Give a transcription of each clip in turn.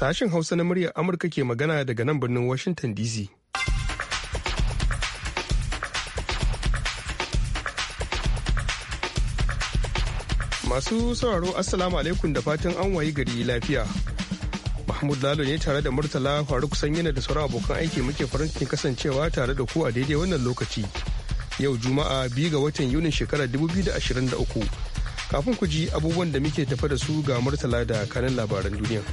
Sashen Hausa na muryar Amurka ke magana daga nan birnin Washington DC. Masu sauraro Assalamu alaikum da fatan an wayi gari lafiya. Mahmud Lalo ne tare da Murtala Faruk Sanyina da sauran abokan aiki muke farin cikin kasancewa tare da ku a daidai wannan lokaci. Yau Juma'a biyu ga watan Yunin shekarar 2023. Kafin ku ji abubuwan da muke tafa da su ga Murtala da kanin labaran duniya.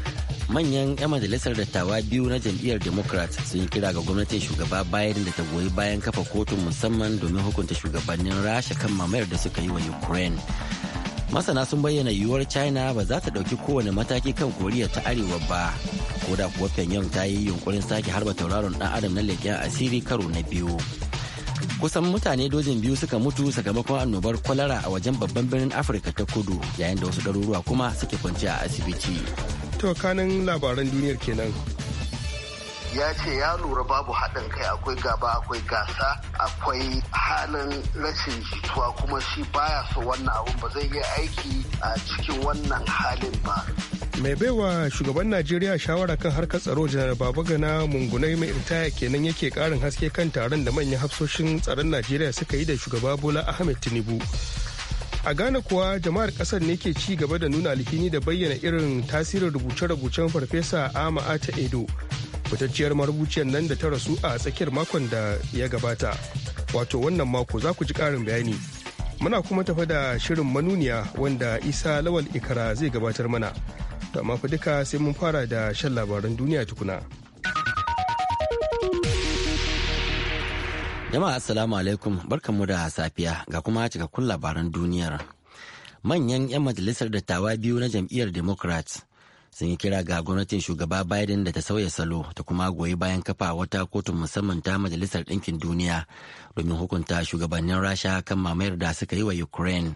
manyan 'yan majalisar dattawa biyu na jam'iyyar democrat sun kira ga gwamnatin shugaba bayan da ta goyi bayan kafa kotun musamman domin hukunta shugabannin rasha kan mamayar da suka yi wa ukraine masana sun bayyana yiwuwar china ba za ta ɗauki kowane mataki kan koriya ta arewa ba ko da kuwa pyongyang ta yi yunkurin sake harba tauraron dan adam na leƙen asiri karo na biyu kusan mutane dojin biyu suka mutu sakamakon annobar kwalara a wajen babban birnin afirka ta kudu yayin da wasu ɗaruruwa kuma suke kwanci a asibiti To kanin labaran duniyar kenan. ya ce ya lura babu haɗin kai akwai gaba akwai gasa akwai halin rashin jituwa kuma shi baya so wannan abun ba zai yi aiki a cikin wannan halin ba mai baiwa shugaban najeriya shawara kan harkar tsaro janar babagana mungunai mai ritaya kenan yake karin haske kan taron da manyan hafsoshin tsaron najeriya suka yi da shugaba bola ahmed tinubu a ghana kuwa jama'ar kasar ne ke ci gaba da nuna alhini da bayyana irin tasirin rubuce-rubucen farfesa ama ata edo fitacciyar marubuciyar nan da ta rasu a tsakiyar makon da ya gabata wato wannan mako za ku ji ƙarin bayani muna kuma tafa da shirin manuniya wanda isa lawal ikara zai gabatar mana to amma fa duka sai mun fara da shan labaran duniya tukuna. Jama'a Assalamu alaikum mu da safiya ga kuma cikakkun labaran duniyar. Manyan 'yan majalisar dattawa biyu na jam'iyyar Democrats sun yi kira ga gwamnatin shugaba Biden da ta sauya salo ta kuma goyi bayan kafa wata kotun musamman ta majalisar ɗinkin duniya domin hukunta shugabannin Rasha kan mamayar da suka yi wa Ukraine.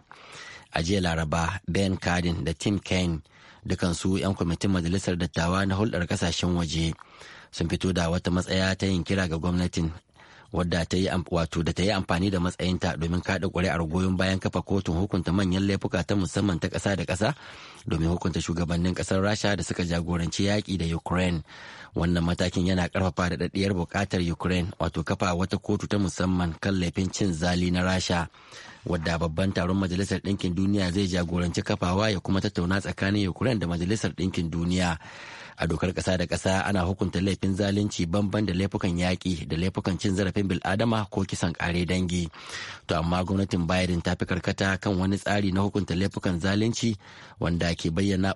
A jiya Laraba, Ben Cardin da Tim Kaine dukansu 'yan kwamitin majalisar dattawa na hulɗar ƙasashen waje sun fito da wata matsaya ta yin kira ga gwamnatin wadda ta yi wato da ta yi amfani da matsayinta domin kada ƙuri'ar goyon bayan kafa kotun hukunta manyan laifuka ta musamman ta ƙasa da ƙasa domin hukunta shugabannin ƙasar rasha da suka jagoranci yaƙi da ukraine wannan matakin yana ƙarfafa da daɗiyar buƙatar ukraine wato kafa wata kotu ta musamman kan laifin cin zali na rasha wadda babban taron majalisar ɗinkin duniya zai jagoranci kafawa ya kuma tattauna tsakanin ukraine da majalisar ɗinkin duniya a dokar kasa da kasa ana hukunta laifin zalunci banban da laifukan yaƙi da laifukan cin zarafin bil'adama ko kisan ƙare dangi to amma gwamnatin biden ta fi karkata kan wani tsari na hukunta laifukan zalunci wanda ake bayyana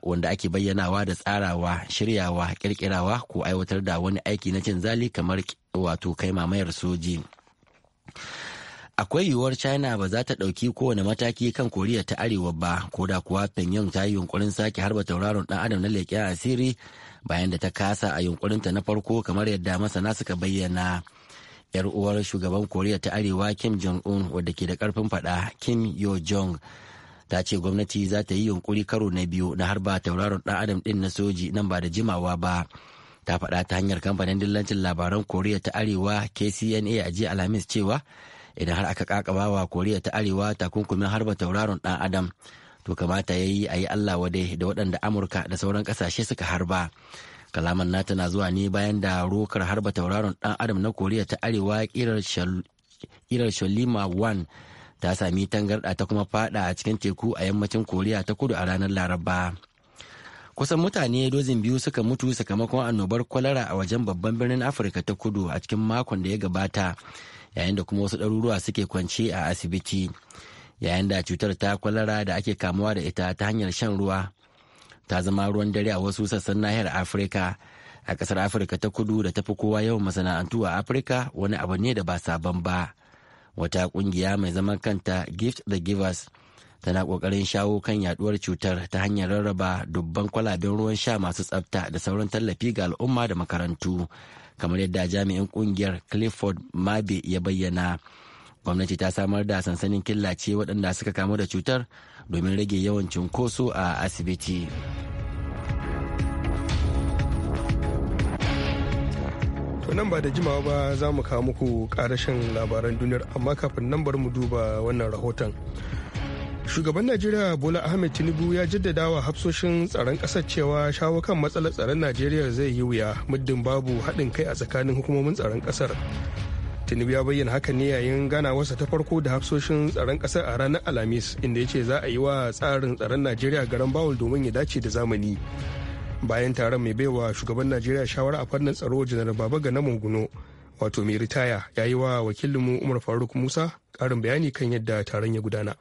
bayyanawa da tsarawa shiryawa kirkirawa ko aiwatar da wani aiki na cin zali kamar wato kai mamayar soji akwai yiwuwar china ba za ta ɗauki kowane mataki kan koriya ta arewa ba ko da kuwa pyongyang ta yi yunkurin sake harba tauraron dan adam na leƙen asiri bayan da ta kasa a yunkurinta na farko kamar yadda masana suka bayyana yar uwar shugaban koriya ta arewa kim jong-un wadda ke da karfin fada kim yo jong ta ce gwamnati za ta yi yunkuri karo na biyu na harba tauraron dan adam din na soji nan ba da jimawa ba ta faɗa ta hanyar kamfanin dillancin labaran koriya ta arewa kcna a jiya alhamis cewa idan har aka kakabawa koriya ta arewa takunkumin harba tauraron dan adam to kamata ya yi a yi allah dai da waɗanda amurka da sauran ƙasashe suka harba kalaman nata na zuwa ne bayan da rokar harba tauraron ɗan adam na koriya ta arewa ƙirar shalima 1 ta sami tangarɗa ta kuma fada a cikin teku a yammacin koriya ta kudu a ranar laraba kusan mutane dozin biyu suka mutu sakamakon annobar kwalara a wajen babban birnin afirka ta kudu a cikin makon da ya gabata yayin da kuma wasu ɗaruruwa suke kwance a asibiti yayin da cutar ta kwalara da ake kamuwa da ita ta hanyar shan ruwa ta zama ruwan dare a wasu sassan nahiyar afirka a kasar afirka ta kudu da tafi kowa yawan masana'antu a afirka wani abu ne da ba sabon ba wata kungiya mai zaman kanta gift the givers tana kokarin shawo kan yaduwar cutar ta hanyar rarraba dubban kwalaben ruwan sha masu tsafta da sauran tallafi ga al'umma da makarantu kamar yadda jami'in kungiyar clifford mabe ya bayyana gwamnati ta samar da sansanin killace waɗanda suka kamu da cutar domin rage yawan cunkoso a asibiti nan ba da jimawa ba za mu kawo muku karashin labaran duniyar amma kafin nan bari mu duba wannan rahoton shugaban najeriya bola ahmed tinubu ya jaddada wa hafsoshin tsaron ƙasar cewa shawo kan matsalar tsaron najeriya zai yi wuya muddin babu haɗin kai a tsakanin hukumomin tsaron ƙasar tinubu ya bayyana haka ne yayin ganawarsa ta farko da hafsoshin tsaron ƙasar a ranar alhamis inda ya ce za a yi wa tsarin tsaron najeriya garan bawul domin ya dace da zamani bayan taron mai baiwa shugaban najeriya shawara a fannin tsaro janar baba ga namun guno wato mai ritaya ya yi wa wakilinmu umar faruk musa karin bayani kan yadda taron ya gudana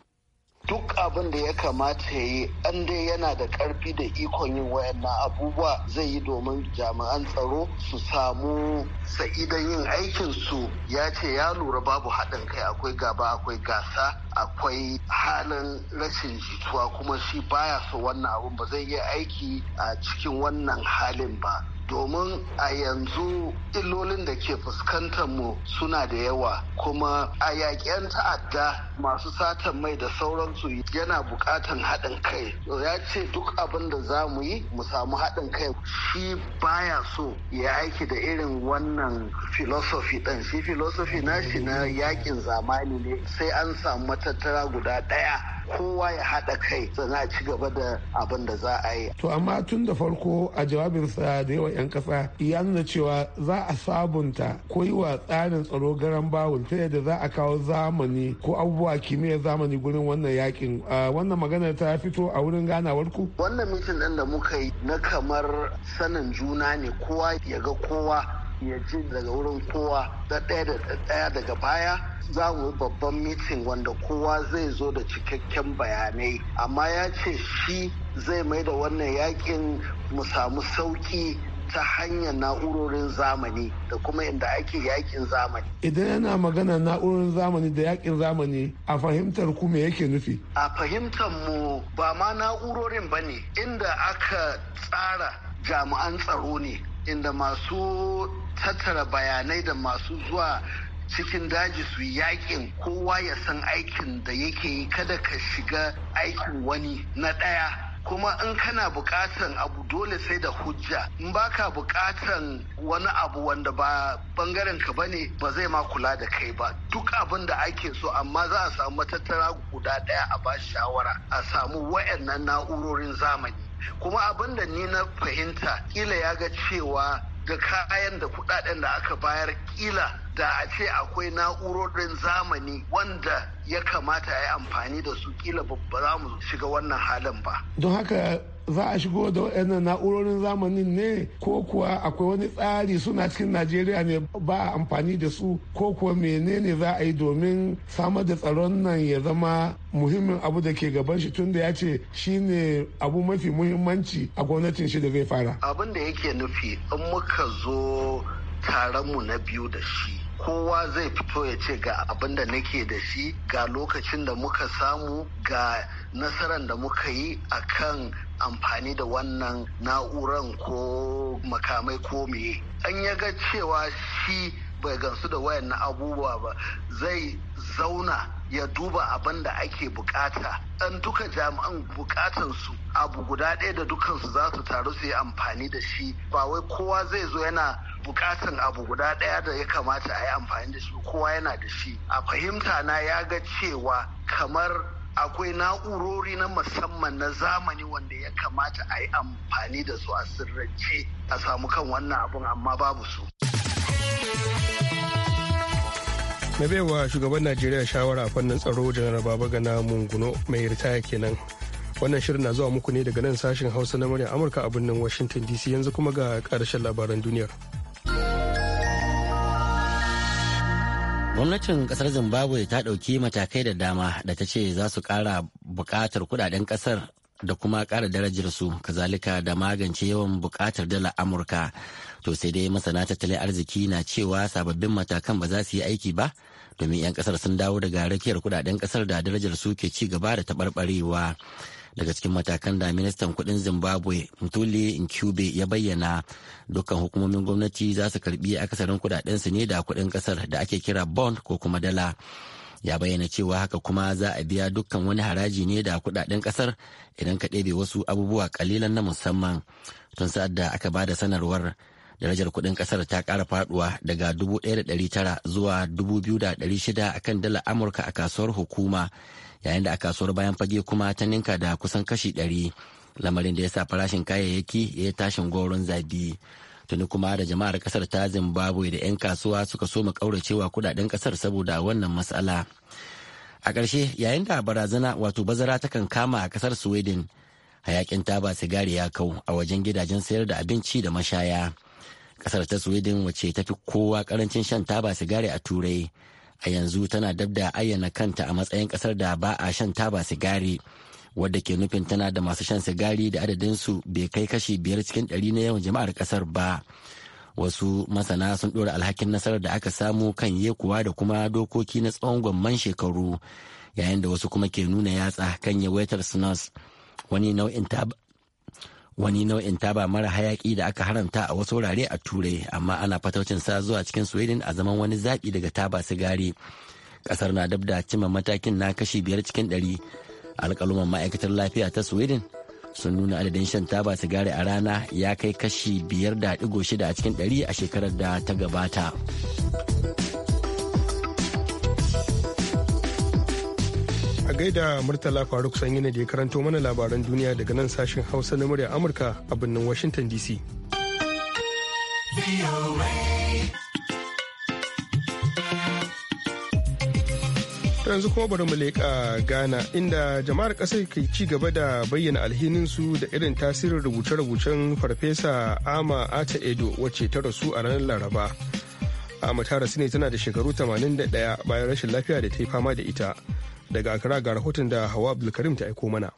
duk abin da ya kamata ya yi an dai yana da karfi da ikon yin wayannan abubuwa zai yi domin jami'an tsaro su samu sa'idan yin aikin su ya ce ya lura babu haɗin kai akwai gaba akwai gasa akwai halin rashin jituwa kuma shi baya so wannan abun ba zai yi aiki a cikin wannan halin ba domin a yanzu ilolin da ke fuskantar mu suna da yawa kuma a yaƙen ta'adda masu satan mai da sauransu yana buƙatan haɗin kai ya ce duk abin da za mu yi mu samu haɗin kai shi baya so ya aiki da irin wannan filosofi ɗin shi filosofi nashi na yaƙin zamani ne sai an samu matattara guda ɗaya kowa ya haɗa kai a ci gaba da abin da za a yi. To amma tun da farko a jawabinsa da yawa 'yan ƙasa ya nuna cewa za a sabunta ko yi wa tsarin tsaro garan bawul ta yadda za a kawo zamani ko abubuwa kimiyyar zamani gurin wannan yakin wannan magana ta fito a wurin ganawar ku. Wannan mitin ɗin da muka yi na kamar sanin juna ne kowa ya ga kowa ya ji daga wurin kowa da ɗaya da ɗaya daga baya za mu babban mitin wanda kowa zai zo da cikakken bayanai amma ya ce shi zai mai da wannan yakin mu samu sauki ta hanyar na'urorin zamani da kuma inda ake yakin zamani. Idan yana magana na'urorin zamani da yakin zamani a fahimtar ku me yake nufi? A fahimtar mu ba ma na'urorin ba ne inda aka tsara jami'an tsaro ne inda masu tattara bayanai da masu zuwa cikin daji su yakin kowa ya san aikin da yake yi kada ka shiga aikin wani na ɗaya kuma in kana bukatan abu dole sai da hujja in baka bukatan wani abu wanda ba bangaren ka bane ba zai ma kula da kai ba duk abin da ake so amma za a samu matattara guda daya a ba shawara a samu wayannan na'urorin zamani kuma abin da ni na fahimta kila ya ga cewa da kayan da kudaden da aka bayar kila da a ce akwai na'urorin zamani wanda ya kamata ya yi amfani da su kila ba mu shiga wannan halin ba. Don haka za a shigo da waɗannan na'urorin zamani ne ko kuwa akwai wani tsari suna cikin najeriya ne ba a amfani da su ko kuwa menene za a yi domin samar da tsaron nan ya zama muhimmin abu da ke gaban shi tunda ya ce shi ne abu mafi muhimmanci a gwamnatin shi da zai fara abin da yake nufi in muka zo mu na biyu da shi kowa zai fito ya ce ga abin da nake da shi ga lokacin da muka samu ga nasarar da muka yi akan amfani da wannan na'uran ko makamai ko meye an ya ga cewa shi bai gansu da wayan na abubuwa ba zai zauna ya duba abin da ake bukata ɗan duka jami'an bukatan su abu guda ɗaya da dukansu za su taru su yi amfani da shi ba wai kowa zai zo yana bukatan abu guda ɗaya da ya kamata a yi amfani da shi kowa yana da shi a fahimta na ya ga cewa kamar akwai na'urori na musamman na zamani wanda ya kamata a yi amfani da su a sirrance a samu kan wannan abun amma babu su. na baiwa shugaban najeriya shawara a fannin tsaro janar babagana munguno mai ritaya kenan wannan shirin na zuwa muku ne daga nan sashen hausa na murya amurka a birnin washington dc yanzu kuma ga karshen labaran duniyar gwamnatin kasar zimbabwe ta ɗauki matakai da dama da ta ce za su ƙara bukatar kudaden ƙasar da kuma ƙara darajar su kazalika da magance yawan buƙatar dala amurka to sai dai masana tattalin arziki na cewa sababbin matakan ba za su yi aiki ba domin 'yan kasar sun dawo daga rakiyar kudaden kasar da darajar su ke ci gaba da taɓarɓarewa daga cikin matakan da ministan kudin zimbabwe in nkube ya bayyana dukkan hukumomin gwamnati za su karbi akasarin kudaden su ne da kudin kasar da ake kira bond ko kuma dala ya bayyana cewa haka kuma za a biya dukkan wani haraji ne da kudaden kasar idan ka ɗebe wasu abubuwa kalilan na musamman tun sa'ad da aka ba da sanarwar darajar kudin kasar ta ƙara faduwa daga 1,900 zuwa 2,600 kan dala amurka a kasuwar hukuma yayin da a kasuwar bayan fage kuma ta ninka da kusan kashi 100 lamarin da ya sa farashin kayayyaki ya yi tashin goron zabi tuni kuma da jama'ar kasar ta zimbabwe da 'yan kasuwa suka soma kauracewa kudaden kasar saboda wannan matsala a ƙarshe yayin da barazana wato bazara ta kan kama a kasar sweden hayakin taba sigari ya kau a wajen gidajen sayar da abinci da mashaya kasar ta sweden wacce ta fi kowa karancin shan taba sigari a turai a yanzu tana dab da ayyana kanta a matsayin kasar da ba a shan taba sigari wadda ke nufin tana da masu shan sigari da adadinsu bai kai kashi biyar cikin ɗari na yawan jama'ar ƙasar ba wasu masana sun ɗora alhakin nasarar da aka samu kan yekuwa da kuma dokoki na tsawon gwamman shekaru yayin da wasu kuma ke nuna yatsa kan yawaitar snus wani nau'in taba wani nau'in taba mara hayaki da aka haramta a wasu wurare a turai amma ana fataucin sa zuwa cikin sweden a zaman wani zaɓi daga taba sigari ƙasar na dab da cimma matakin na kashi biyar cikin ɗari alkaluman ma'aikatar lafiya ta sweden sun nuna adadin shan taba sigari a rana ya kai kashi biyar da 5.6 a cikin 100 a shekarar da ta gabata a gaida murtala faruk sanyi da ya karanto mana labaran duniya daga nan sashen hausa na murya amurka a birnin washington dc yanzu kuma bari mu leƙa gana inda jama'ar ƙasar ke ci gaba da bayyana alhininsu da irin tasirin rubuce-rubucen farfesa Ama Ata Edo wacce ta rasu a ranar Laraba. Ama ta rasu ne tana da shekaru 81 bayan rashin lafiya da ta yi fama da ita. Daga kara ga rahoton da Hawa Abdulkarim ta aiko mana.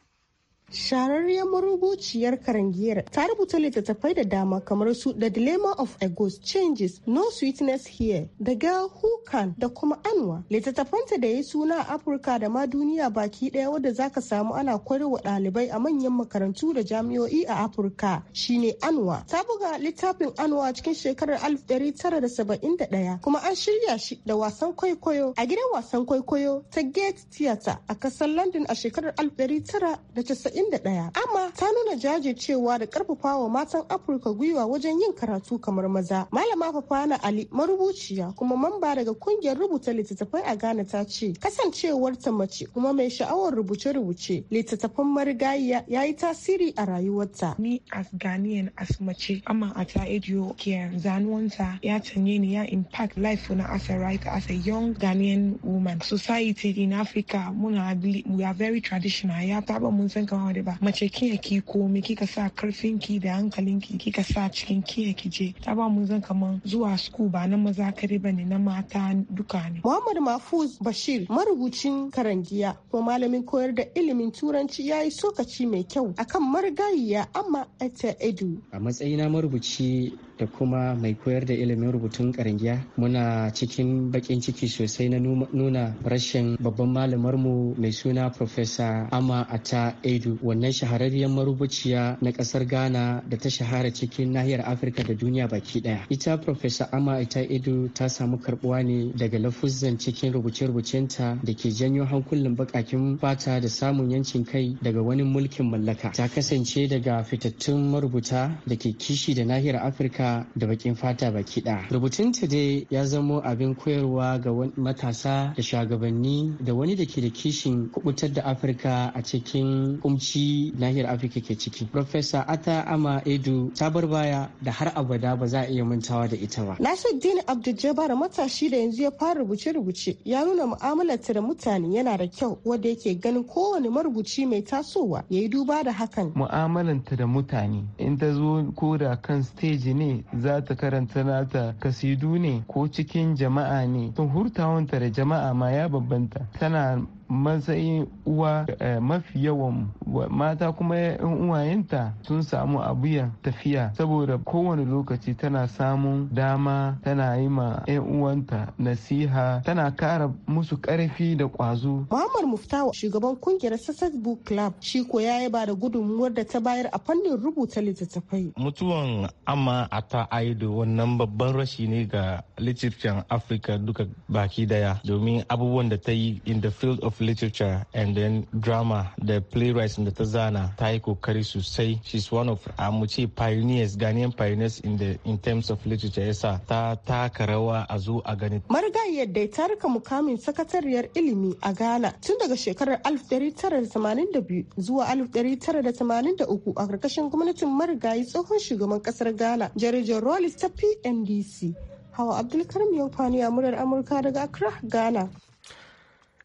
Shararriyar marubuciyar karangiyar ta rubuta littattafai da dama kamar su The Dilemma of a Ghost Changes, No Sweetness Here, The Girl Who Can da kuma Anwa. Littattafanta da ya suna a Afirka da ma duniya baki ɗaya wadda zaka samu ana wa ɗalibai a manyan makarantu da jami'o'i a Afirka shine Anwa. Ta buga littafin Anwa cikin shekarar 1971 kuma an shirya shi da wasan kwaikwayo a gidan wasan kwaikwayo ta Gate Theatre a kasar London a shekarar 1990. 41 amma ta nuna jajircewa da karfafa wa matan afirka gwiwa wajen yin karatu kamar maza malama fafana ali marubuciya kuma mamba daga kungiyar rubuta littattafai a ghana ta ce kasancewar ta mace kuma mai sha'awar rubuce-rubuce littattafan marigayiya ya yi tasiri a rayuwarta ni as ghanaian as mace amma a ta edio ke zanuwanta ya canye ni ya impact life na as a writer as a young ghanaian woman society in africa muna we are very traditional ya taba mun san kama wani ba mace kiya ki komai kika sa karfin ki da hankalin ki kika sa cikin kiya ki je ta ba mu zan kaman zuwa school ba na maza kare bane na mata duka ne Muhammad Mahfuz Bashir marubucin karangiya ko malamin koyar da ilimin turanci ya yi sokaci mai kyau akan marigayiya amma ta edu a matsayina marubuci da kuma mai koyar da ilimin rubutun karangiya muna cikin bakin ciki sosai na nuna rashin babban malamarmu mai suna professor ama ata edu wannan shahararriyar marubuciya na kasar Ghana da ta shahara cikin nahiyar Afirka da duniya baki daya. Ita Professor Ama Ita Edu ta samu karbuwa ne daga lafuzan cikin rubuce-rubucenta da ke janyo hankulan bakakin fata da samun yancin kai daga wani mulkin mallaka. Ta kasance daga fitattun marubuta da ke kishi da nahiyar Afirka da bakin fata baki daya. Rubutunta dai ya zamo abin koyarwa ga matasa da shagabanni da wani da ke da kishin kubutar da Afirka a cikin kumci shi nahiyar afirka ke ciki professor ata ama edu ta bar baya da har abada ba za a iya mantawa da ita ba nasiruddin abdul matashi da yanzu ya fara rubuce-rubuce ya nuna mu'amalarta da mutane yana da kyau wanda yake ganin kowane marubuci mai tasowa ya yi duba da hakan mu'amalanta da mutane in ta zo ko da kan stage ne za ta karanta nata kasidu ne ko cikin jama'a ne tun hurtawanta da jama'a ma ya bambanta tana matsayin uwa eh, mafi yawan mata kuma yan uwayenta sun samu abuya tafiya saboda kowane lokaci tana samun dama tana yi ma yan uwanta nasiha tana kara musu karfi da ƙwazo. Muhammad Muftawa shugaban kungiyar Success Book Club shi ko ya ba da gudunmuwar da ta bayar a fannin rubuta littattafai. Mutuwan amma a ta aido wannan babban rashi ne ga literature Afirka duka baki daya domin abubuwan da ta yi in the field of of literature and then drama da playwright da ta zana ta yi kokari sosai she's one of mu pioneers Ghanaian pioneers in the in terms of literature yasa ta taka rawa a zo a gani marigayiyar dai ta rika mukamin sakatariyar ilimi a Ghana tun daga shekarar 1982 zuwa 1983 a karkashin gwamnatin marigayi tsohon shugaban kasar Ghana Jarijar Rollis ta PNDC Hawa Abdulkarim Yofani a murar Amurka daga Accra, Ghana.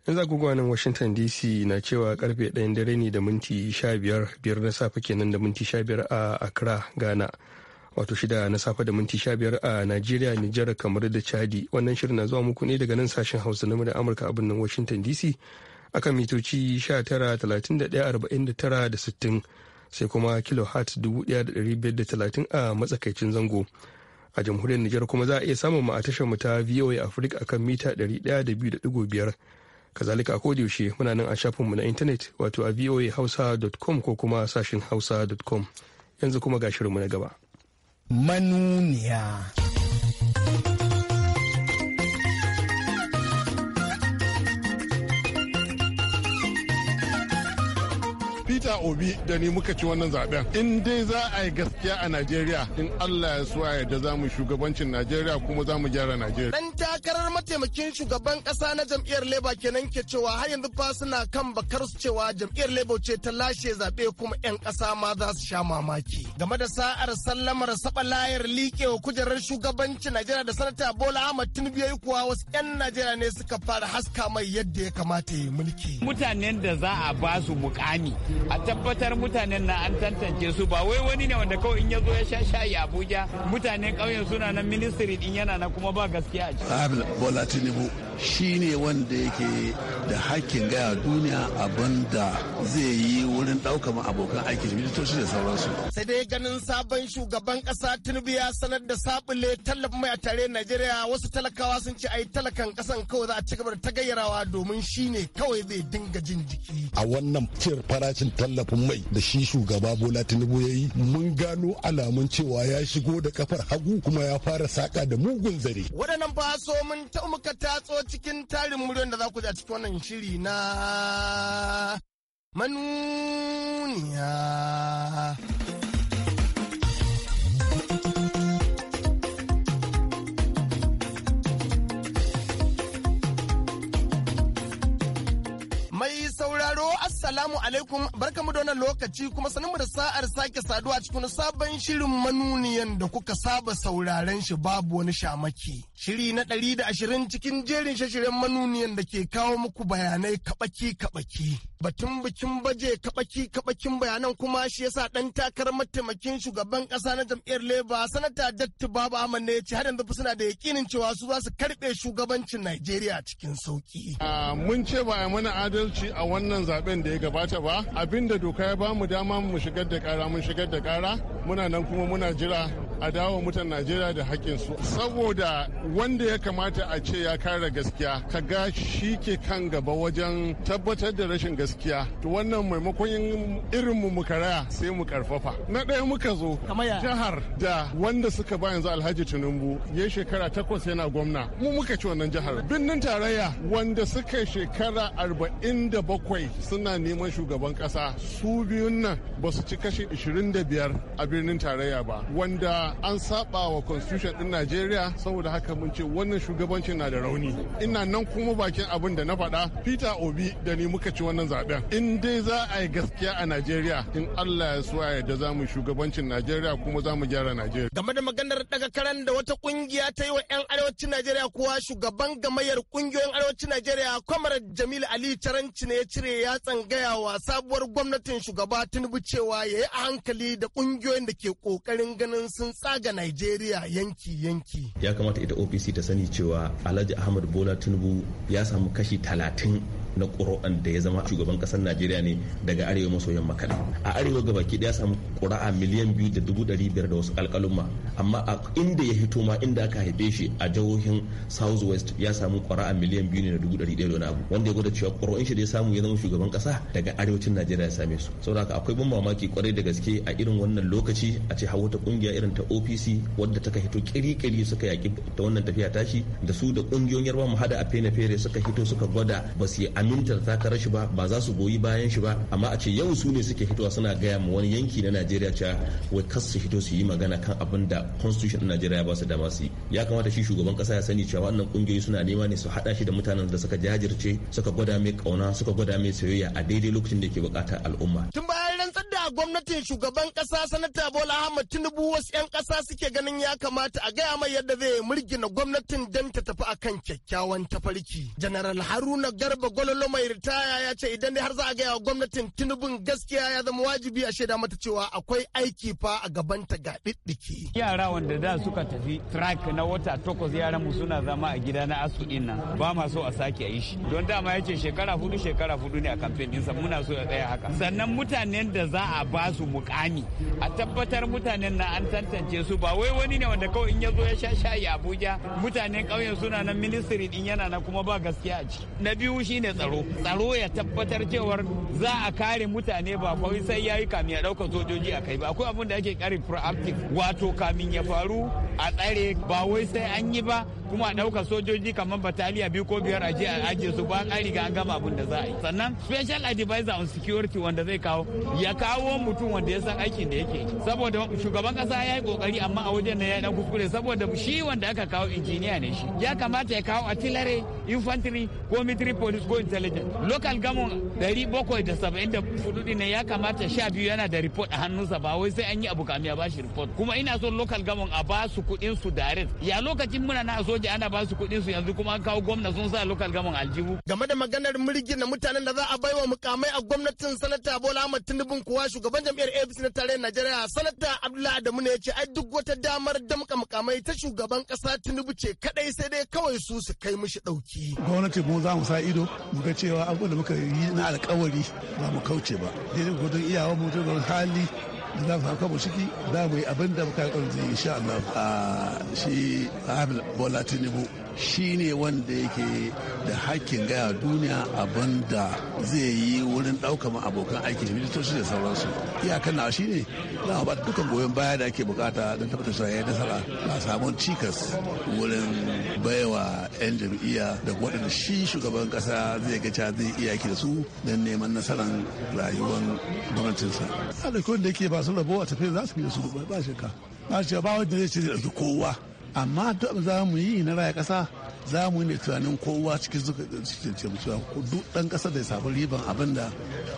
in za nan washington dc na cewa karfe 1 dare ne da minti 15 biyar na safe kenan da minti 15 a accra ghana wato shida na safe da minti 15 a nigeria nijar kamar da chadi wannan shirin na zuwa muku ne daga nan sashen hausa na da amurka a birnin washington dc akan mitoci 19 da sittin sai kuma kilohertz 1530 a matsakaicin zango a jamhuriyar nijar kuma za a iya samun mu a tashar mu ta voa africa akan mita 102.5 kazalika a yaushe muna nan a shafinmu na intanet wato a voahausa.com ko kuma sashin hausa.com yanzu kuma ga shirinmu na gaba manuniya sa obi da ni muka ci wannan zaben in dai za a yi gaskiya a najeriya in allah ya suwa yadda za mu shugabancin najeriya kuma za mu gyara najeriya dan takarar mataimakin shugaban kasa na jam'iyyar labour kenan ke cewa har yanzu fa suna kan bakar su cewa jam'iyyar labour ce ta lashe zabe kuma 'yan kasa ma za su sha mamaki game da sa'ar sallamar saba layar liƙewa kujerar shugabancin najeriya da sanata bola ahmad tinubu ya yi kuwa wasu 'yan najeriya ne suka fara haska mai yadda ya kamata ya mulki mutanen da za a ba su mukami a tabbatar mutanen na an tantance su ba wai wani ne wanda kawai in ya zo ya sha shayi abuja mutanen ƙauyen suna nan ministry din yana na kuma ba gaskiya a ciki. bola tinubu shi ne wanda yake da hakkin gaya duniya abin da zai yi wurin ɗaukar abokan aiki da ministoci da sauransu. sai dai ganin sabon shugaban kasa tinubu ya sanar da sabule tallafin mai a tare najeriya wasu talakawa sun ce ai talakan ƙasan kawai za a ci gaba da tagayyarawa domin shi ne kawai zai dinga jin jiki. a wannan cin farashin tallafin mai da shi shugaba bola tinubu ya yi mun gano alamun cewa ya shigo da kafar hagu kuma ya fara saka da mugun zare waɗannan ba so mun ta tatso cikin tarin muryoyin da za ku a cikin wannan shiri na manuniya Assalamu alaikum barkamu da wannan lokaci kuma sanin da sa'ar sake saduwa cikin sabon shirin manuniyan da kuka saba sauraren shi babu wani shamaki. Shiri na ɗari da ashirin cikin jerin shashirin manuniyan da ke kawo muku bayanai kaɓaki-kaɓaki. batun bikin baje kabaki kabakin bayanan kuma shi yasa dan takarar mataimakin shugaban kasa na jam'iyyar leba sanata datti baba aman ne ce har yanzu fa suna da yakinin cewa su za su karbe shugabancin najeriya cikin sauki mun ce ba a mana adalci a wannan zaben da ya gabata ba abinda doka ya bamu dama mu shigar da kara mun shigar da kara muna nan kuma muna jira a dawo mutan najeriya da su saboda wanda ya kamata a ce ya kare gaskiya ka ga shi ke kan gaba wajen tabbatar da rashin gaskiya to wannan maimakon irin mu mu karaya sai mu karfafa na ɗaya muka zo jihar da wanda suka ba yanzu alhaji tinubu ya shekara takwas yana gwamna mu muka ci wannan jihar birnin tarayya wanda suka shekara arba'in da bakwai suna neman shugaban kasa su biyun nan ba su ci kashi da biyar a birnin tarayya ba wanda an saba wa constitution din Najeriya saboda haka mun ce wannan shugabancin na da rauni. Ina nan kuma bakin abin da na faɗa Peter Obi da ni muka ci wannan zaben. In dai za a yi gaskiya a Najeriya in Allah ya so ya da za mu shugabancin Najeriya kuma za mu gyara Najeriya. Game da maganar daga karan da wata kungiya ta yi wa 'yan arewacin Najeriya kuwa shugaban gamayyar kungiyoyin arewacin Najeriya kwamar Jamil Ali Taranci ne ya cire ya tsangaya wa sabuwar gwamnatin shugaba Tinubu cewa ya yi a hankali da kungiyoyin da ke kokarin ganin sun tsaga Najeriya yanki-yanki. Ya kamata ita OPC ta sani cewa Alhaji Ahmad Bola Tinubu ya samu kashi talatin na ƙuri'an da ya zama shugaban ƙasar najeriya ne daga arewa maso yamma kaɗai a arewa gaba ki ya samu ƙuri'a miliyan biyu da dubu ɗari biyar da wasu alƙaluma amma a inda ya hito ma inda aka haife shi a jihohin south west ya samu ƙuri'a miliyan biyu ne da dubu ɗari ɗaya da abu wanda ya gwada cewa ƙuri'un shi da ya samu ya zama shugaban ƙasa daga arewacin najeriya ya same su saboda haka akwai ban mamaki kwarai da gaske a irin wannan lokaci a ce hawa ta ƙungiya irin ta opc wadda ta hito kiri-kiri suka yaƙi ta wannan tafiya tashi da su da ƙungiyoyin yarba mu hada a fene-fere suka hito suka gwada ba su yi amintar takarar shi ba ba za su goyi bayan shi ba amma a ce yau su ne suke fitowa suna gaya ma wani yanki na najeriya cewa wai kas su fito su yi magana kan abin da constitution na najeriya ba su dama su ya kamata shi shugaban kasa ya sani cewa wannan kungiyoyi suna nema ne su hada shi da mutanen da suka jajirce suka gwada mai kauna suka gwada mai soyayya a daidai lokacin da ke bukata al'umma tun rantsar da gwamnatin shugaban kasa sanata Bola Ahmad Tinubu wasu 'yan kasa suke ganin ya kamata a gaya mai yadda zai murgina gwamnatin don ta tafi akan kyakkyawan tafarki. General Haruna Garba Gololo mai ritaya ya ce idan dai har za a gaya wa gwamnatin tinubu gaskiya ya zama wajibi a shaida mata cewa akwai aiki fa a gabanta ga diddiki. Yara wanda da suka tafi track na wata takwas yaran mu suna zama a gida na asu din ba ma so a sake a yi shi. Don dama ya ce shekara hudu shekara hudu ne a kamfen ɗinsa muna so ya tsaya haka. Sannan mutanen inda za a ba su mukami a tabbatar mutanen na an tantance su ba wai wani ne wanda kawai in ya zo ya sha shayi abuja mutanen kauyen suna nan ministry din yana na kuma ba gaskiya a ciki na biyu shine tsaro tsaro ya tabbatar cewar za a kare mutane ba kawai sai yayi kamin ya ɗaukar sojoji a kai ba akwai abin da ake kare proactive wato kamin ya faru a tsare ba wai sai an yi ba kuma a ɗaukar sojoji kamar bataliya biyu ko biyar aje a ajiye su ba an riga an gama abin da za a yi sannan special advisor on security wanda zai kawo ya kawo mutum wanda ya san aikin da yake saboda shugaban kasa ya yi kokari amma a wajen na ya dan kuskure saboda shi wanda aka kawo injiniya ne shi ya kamata ya kawo artillery infantry ko military police ko intelligence local government dari din ne ya kamata sha biyu yana da report a hannunsa ba wai sai an yi abu kamiya ba bashi report kuma ina so local government a ba su kuɗin su direct ya lokacin muna na soja ana ba su kuɗin su yanzu kuma an kawo gwamna sun sa local government aljihu game da maganar mulki na mutanen da za a baiwa mukamai a gwamnatin sanata bola ahmad tinubu abin kuwa shugaban jam'iyyar apc na tarayyar najeriya sanata abdullahi adamu ne ya ce ai duk wata damar damka mukamai ta shugaban kasa tinubu ce kadai sai dai kawai su su kai mishi dauki gwamnati mu za mu sa ido mu ga cewa abin da muka yi na alkawari ba mu kauce ba daidai gudun iyawa mu hali da za mu ciki za mu yi abin da muka kan zai insha Allah shi Ahmed Bola Tinubu shi ne wanda yake da hakkin gaya duniya abin da zai yi wurin ɗaukar abokan aiki da ministoci da sauransu iyakan na shi ne za a ba dukkan goyon baya da ake bukata don tabbatar cewa yayin nasara a samun cikas wurin baiwa 'yan jam'iyya da waɗanda shi shugaban ƙasa zai gaca zai iya da su don neman nasarar rayuwar gwamnatinsa. Alaikon da yake ba su masu rabo a tafiya za su yi su ba shakka na ce ba wanda zai ce da kowa amma duk za mu yi na raya kasa za mu yi ne tunanin kowa cikin zuka cikin cewa duk dan kasa da ya samu riban abin da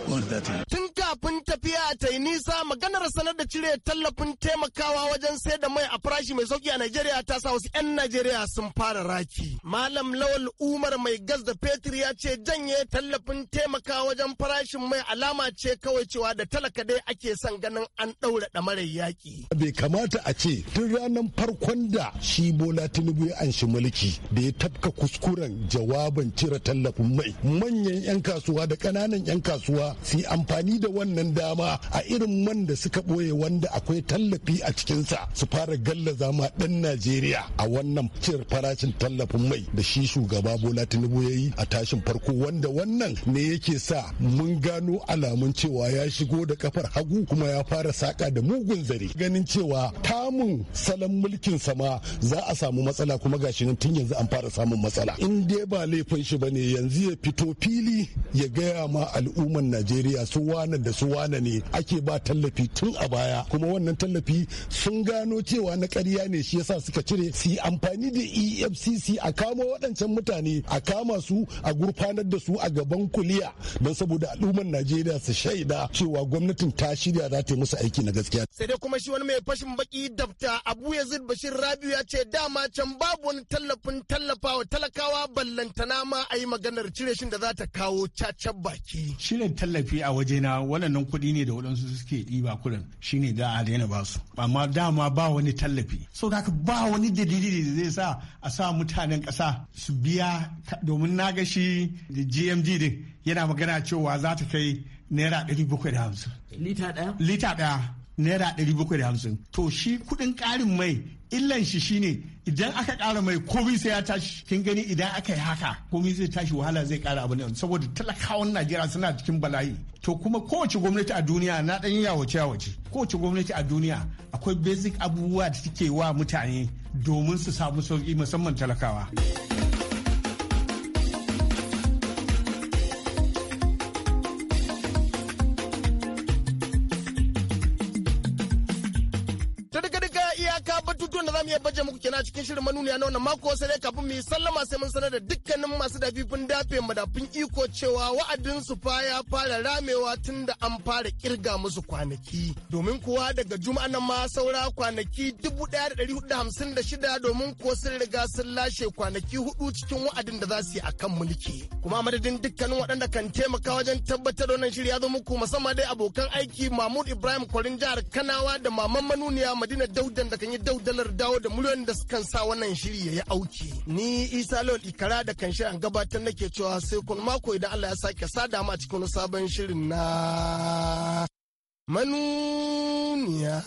gwamnati ta yi kafin tafiya ta yi nisa maganar sanar da cire tallafin taimakawa wajen sai da mai a farashi mai sauki a Najeriya ta sa wasu 'yan Najeriya sun fara raki. Malam Lawal Umar mai gas da fetur ya ce janye tallafin taimakawa wajen farashin mai alama ce kawai cewa da talaka dai ake son ganin an ɗaura ɗamarar yaƙi. Bai kamata a ce tun ranar farkon da shi Bola Tinubu ya anshi mulki da ya tafka kuskuren jawabin cire tallafin mai. Manyan 'yan kasuwa da ƙananan 'yan kasuwa su amfani da wannan wannan dama a irin man da suka ɓoye wanda akwai tallafi a cikinsa su fara galla zama ɗan najeriya a wannan cire farashin tallafin mai da shi shugaba bola tinubu ya yi a tashin farko wanda wannan ne yake sa mun gano alamun cewa ya shigo da kafar hagu kuma ya fara saka da mugun zare ganin cewa tamun salon mulkin sama za a samu matsala kuma gashi nan tun yanzu an fara samun matsala in dai ba laifin shi bane yanzu ya fito fili ya gaya ma al'umman najeriya su wanan da su wane ne ake ba tallafi tun a baya kuma wannan tallafi sun gano cewa na ƙarya ne shi yasa suka cire su yi amfani da efcc a kama waɗancan mutane a kama su a gurfanar da su a gaban kuliya don saboda al'ummar najeriya su shaida cewa gwamnatin ta shirya za ta yi musu aiki na gaskiya sai dai kuma shi wani mai fashin baki dabta abu yazid bashir rabiu ya ce dama can babu wani tallafin tallafawa talakawa ballantana ma a yi maganar cire shin da za ta kawo caca baki shirin tallafi a wajena wani waɗannan kuɗi ne da waɗansu suke ɗiba kuɗin ne da a daina ba su amma dama ba wani tallafi sau da ba wani dalili da zai sa a sa mutanen ƙasa su biya domin na ga shi gmd din yana magana cewa za ta kai naira ɗari bakwai da hamsin lita ɗaya lita ɗaya naira ɗari bakwai da hamsin to shi kuɗin ƙarin mai illan shi shine idan aka ƙara mai komi sai ya tashi kin gani idan aka yi haka komi zai tashi wahala zai kara abu ne saboda talakawan najeriya suna cikin bala'i to kuma kowace gwamnati a duniya na ɗan yawace yawace kowace gwamnati a duniya akwai basic abubuwa da suke wa mutane domin su samu sauki musamman talakawa. cikin shirin manuniya na wannan mako sai dai kafin mu yi sallama sai mun sanar da dukkanin masu dafifin dafe madafin iko cewa wa'adin su fa ya fara ramewa tun da an fara kirga musu kwanaki domin kuwa daga juma'a nan ma saura kwanaki 1456 domin ko sun riga sun lashe kwanaki hudu cikin wa'adin da za su yi akan mulki kuma madadin dukkanin waɗanda kan taimaka wajen tabbatar da wannan shiri ya zo muku musamman dai abokan aiki Mahmud Ibrahim Kwarin jihar Kanawa da maman manuniya Madina Daudan da kan yi daudalar dawo da miliyoyin da sukan sa wannan shiri ya yi auki ni isa lawal ikara da kan shirin gabatar nake cewa sai kun mako idan allah ya sake sada ma cikin wani sabon shirin na manuniya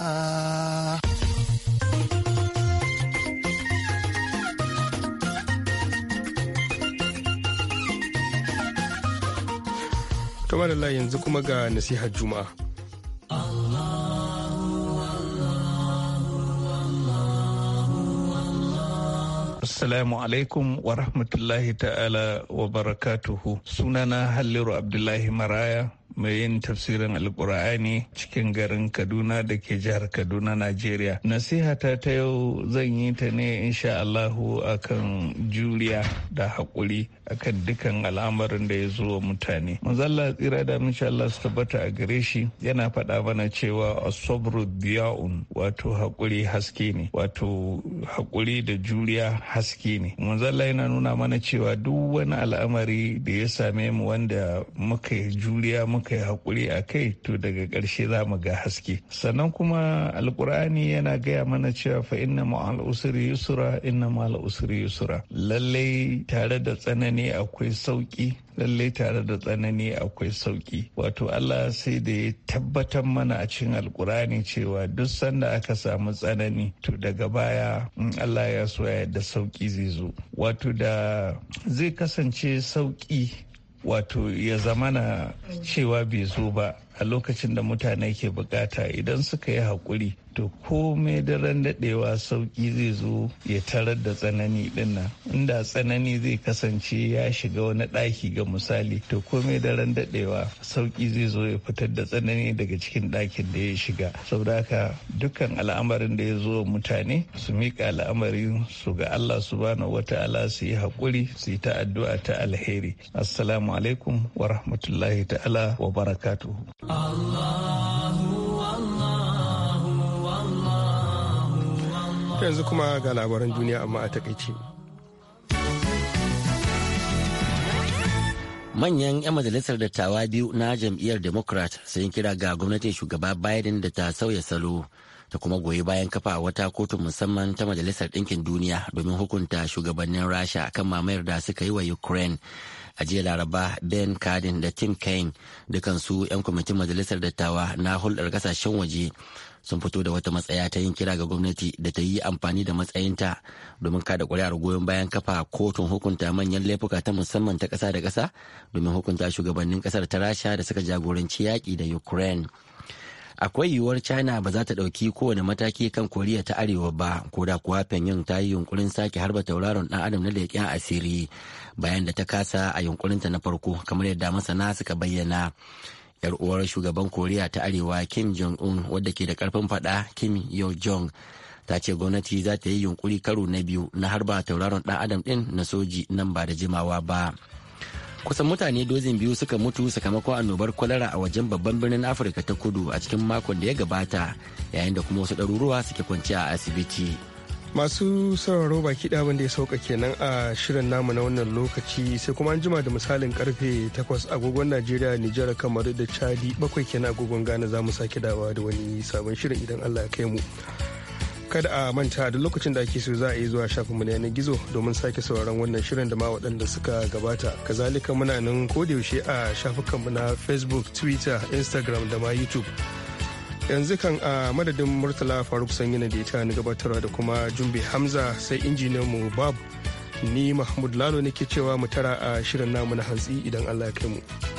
kamar yanzu kuma ga nasihar juma'a Assalamu alaikum wa rahmatullahi ta'ala wa barakatuhu. Sunana Halliru Abdullahi Maraya. mai yin tafsirin alkur'ani cikin garin kaduna da ke jihar kaduna najeriya nasihata ta yau zan yi ta ne insha akan juriya da haƙuri akan dukan al'amarin da ya zo wa mutane Manzalla tsira da insha Allah su tabbata a gare shi yana faɗa mana cewa asabru diya'un wato haƙuri haske ne wato haƙuri da juriya haske ne Manzalla yana nuna mana cewa duk wani al'amari da ya same mu wanda muka yi juriya muka yi haƙuri a kai to daga ƙarshe za mu ga haske sannan kuma alƙur'ani yana gaya mana cewa fa inna ma'al usri yusra inna ma'al usri yusra lallai tare da tsanani tsanani akwai sauki lallai tare da tsanani akwai sauki wato allah sai da ya tabbatar mana a cikin alkurani cewa duk sanda aka samu tsanani to daga baya in allah ya so ya da sauki zai zo wato da zai kasance sauki wato ya zamana cewa bai zo ba a lokacin da mutane ke bukata idan suka yi haƙuri to komai daren daɗewa sauƙi zai zo ya tarar da tsanani ɗinnan inda tsanani zai kasance ya shiga wani ɗaki ga misali to komai daren daɗewa sauƙi zai zo ya fitar da tsanani daga cikin ɗakin da ya shiga saboda haka dukkan al'amarin da ya zo mutane su miƙa al'amarin su ga Allah subhanahu wata'ala su yi haƙuri su yi ta addu'a ta alheri assalamu alaikum wa rahmatullahi ta'ala wa barakatuhu yanzu kuma ga labaran duniya amma a takaice. manyan 'yan majalisar dattawa biyu na jam'iyyar democrat sun kira ga gwamnatin shugaba biden da ta sauya salo ta kuma goyi bayan kafa wata kotun musamman ta majalisar ɗinkin duniya domin hukunta shugabannin rasha kan mamayar da suka yi wa ukraine a jiya laraba ben cardin da tim kaine dukansu 'yan kwamitin majalisar dattawa na hulɗar ƙasashen waje sun fito da wata matsaya ta yin kira ga gwamnati da ta yi amfani da matsayinta domin kada kuri'ar goyon bayan kafa kotun hukunta manyan laifuka ta musamman ta kasa da kasa domin hukunta shugabannin kasar ta rasha da suka jagoranci yaƙi da ukraine akwai yiwuwar china ba za ta ɗauki kowane mataki kan koriya ta arewa ba ko da kuwa pyongyang ta yi yunkurin sake harba tauraron dan adam na leƙen asiri bayan da ta kasa a yunkurinta na farko kamar yadda masana suka bayyana yar uwar shugaban koriya ta arewa kim jong un wadda ke da karfin fada kim yo jong ta ce gwamnati za ta yi yunkuri karo na biyu na harba tauraron dan adam din na soji nan ba da jimawa ba kusan mutane dozin biyu suka mutu sakamakon annobar kwalara a wajen babban birnin afirka ta kudu a cikin makon da ya gabata yayin da kuma wasu ɗaruruwa suke kwanciya a asibiti masu sauraro baki ɗaban da ya sauka kenan a shirin namu na wannan lokaci sai kuma an jima da misalin karfe 8 agogon najeriya nijar kamar da chadi bakwai kenan agogon ghana za mu sake dawa da wani sabon shirin idan allah ya kai mu kada a manta da lokacin da ake so za a yi zuwa shafinmu na yanar gizo domin sake sauraron wannan shirin da ma waɗanda suka gabata kazalika muna nan kodayaushe a shafukanmu na facebook twitter instagram da ma youtube yanzu kan a madadin murtala faruk sanyi da ita ni gabatarwa da kuma jumbe hamza sai mu babu ni mahmud lalo nake cewa mu tara a shirin namu na hantsi idan allah ya kai mu.